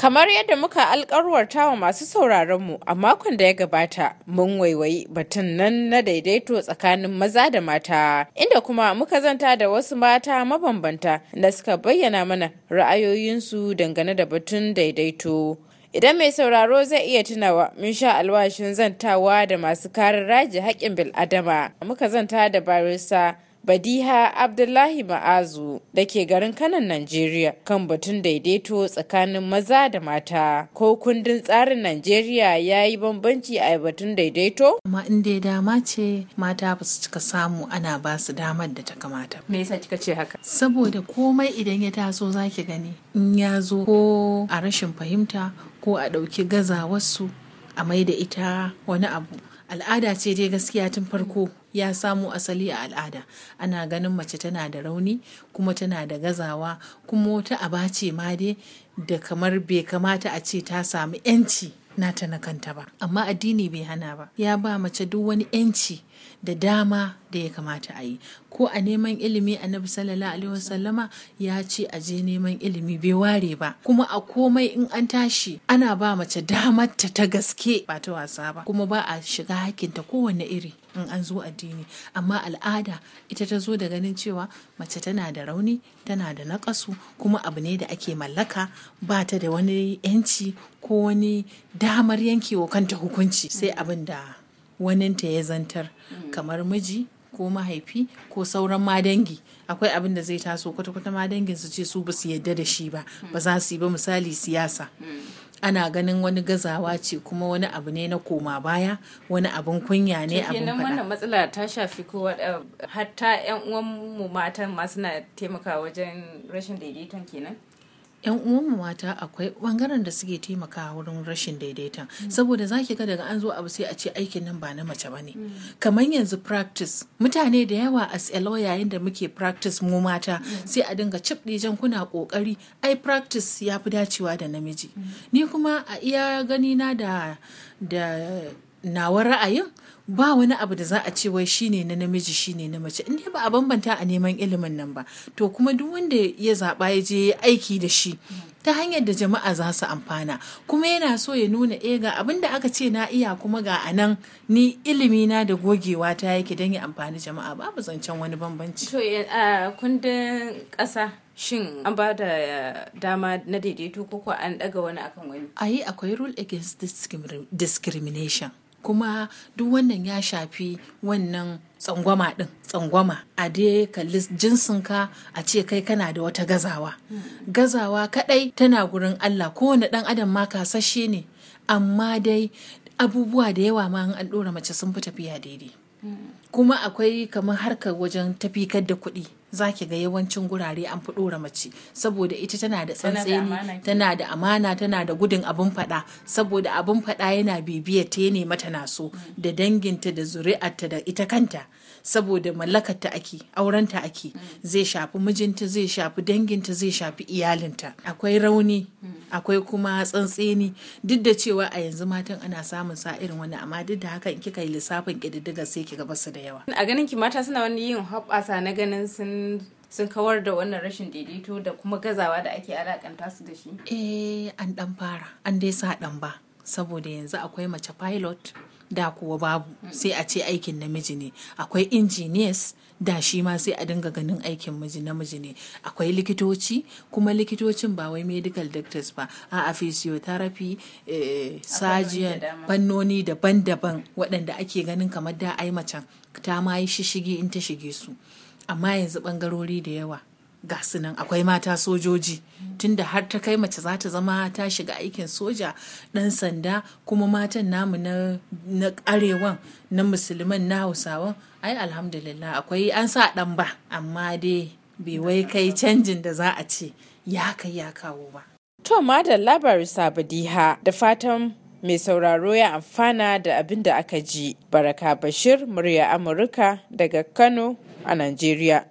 Kamar yadda muka alkarwarta wa masu sauraronmu a makon da ya gabata mun waiwayi batun nan na daidaito tsakanin maza da mata inda kuma muka zanta da wasu mata mabambanta da suka bayyana mana ra'ayoyinsu dangane da batun daidaito. Idan mai sauraro zai iya tunawa mun sha alwashin zantawa da masu karin raji haƙƙin bil'adama muka zanta da barista Badiha Abdullahi Ma'azu da ke garin kanan Najeriya kan batun daidaito tsakanin maza da mata. Ko kundin tsarin Najeriya ya yi bambanci a batun daidaito? Amma in dai dama ce mata ba su cika samu ana ba su damar da ta kamata. Me yasa kika ce haka? Saboda komai idan ya taso za ki gani in ya zo ko a rashin fahimta ko a ɗauki gazawarsu a mai da ita wani abu. al'ada ce dai gaskiya tun farko ya samu asali a al'ada ana ganin mace tana da rauni kuma tana da gazawa kuma wata a ma dai da kamar bai kamata a ce ta samu 'yanci nata na kanta ba amma addini bai hana ba ya ba mace duk wani yanci da dama da ya kamata a yi ko a neman ilimi a nabi sallallahu alaihi wasallama ya ce a je neman ilimi bai ware ba kuma a komai in an tashi ana ba mace damar ta ta gaske ba ta wasa ba kuma ba a shiga hakinta kowane iri in an zo addini amma al'ada ita ta zo da ganin cewa mace tana da rauni tana da naƙasu kuma abu ne da ake mallaka ba ta da wani yanci ko wani da damar wa kanta hukunci sai mm. abin da waninta ya zantar mm. kamar miji ko mahaifi ko sauran madangi. akwai abin da zai taso kwata-kwata ma dangin su ce su ba su yarda da shi ba mm. ba za su yi ba misali siyasa ana ganin wani gazawa ce kuma wani abu ne na koma baya wani abun kunya ne abun fada wannan matsala ta shafi kowa eh, hatta yan uwan mu matan ma suna taimaka wajen rashin daidaiton kenan 'yan uwanmu mata akwai bangaren da suke taimakawa wurin rashin daidaiton saboda za ki ga daga an zo abu sai a ce aikin nan ba na mace ba ne kamar yanzu practice mutane da yawa as a lawyer yayin da muke practice mu mata sai a dinga cip jan kuna kokari ai practice ya fi dacewa da namiji ni kuma a iya gani na da da nawa ra'ayin ba wani abu da za a ce wai shine na namiji shine na mace in ba a bambanta a neman ilimin nan ba to kuma duk wanda ya zaɓa ya je aiki da shi ta hanyar da jama'a za su amfana kuma yana so ya nuna e ga abin da aka ce na iya kuma ga anan ni ilimi na da gogewa ta yake don ya amfani jama'a babu zancen wani bambanci to eh, a kundin ƙasa shin an ba da eh, dama na daidaito ko an ɗaga wani akan wani ayi akwai rule against discrimination kuma duk wannan ya shafi wannan tsangwama ɗin tsangwama a dai kalli jinsinka a ce kai kana da wata gazawa gazawa kaɗai tana gurin allah kowane ɗan adam ma kasashe ne amma dai abubuwa da yawa ma an ɗora mace sun fi tafiya daidai mm. kuma akwai kamar harkar wajen tafikar da kuɗi za ki ga yawancin gurare an fi ɗora mace saboda ita tana da tsantseni tana da amana tana da gudun abin faɗa saboda abin faɗa yana bibiyar ta ne mata na mm. da danginta da zuri'arta da ita kanta saboda mallakarta ake aurenta ake mm. zai shafi mijinta zai shafi danginta zai shafi iyalinta akwai rauni mm. akwai kuma tsantseni duk da cewa a yanzu matan ana samun sa irin wani amma duk da haka in kika yi lissafin ƙididdiga sai ki ga basu da yawa a ganin ki mata suna wani yin hoɓɓasa na ganin sun sun kawar da wannan rashin daidaito da kuma gazawa da ake alakanta su da shi? Eh, an dan fara, an dai sa dan ba, saboda yanzu akwai mace pilot da kuwa babu hmm. sai a ce aikin namiji ne akwai injiniyas da shi ma sai a dinga ganin aikin miji namiji ne akwai likitoci kuma likitocin ba wai medical doctors ba a a physiotherapy eh, surgeon fannoni daban-daban waɗanda ake ganin kamar da ai mace ta ma yi shishige in ta shige su amma yanzu bangarori da yawa ga nan akwai mata sojoji tunda har ta kai mace za ta zama ta shiga aikin soja ɗan sanda kuma matan namu na arewan na musulman na hausawa ai alhamdulillah akwai an sa ɗan ba amma dai bai wai kai canjin da za a ce ya kai ya kawo ba to da labari sabadiha da fatan mai sauraro ya amfana da abin da aka ji. Baraka Bashir, murya Amurka daga Kano a Najeriya.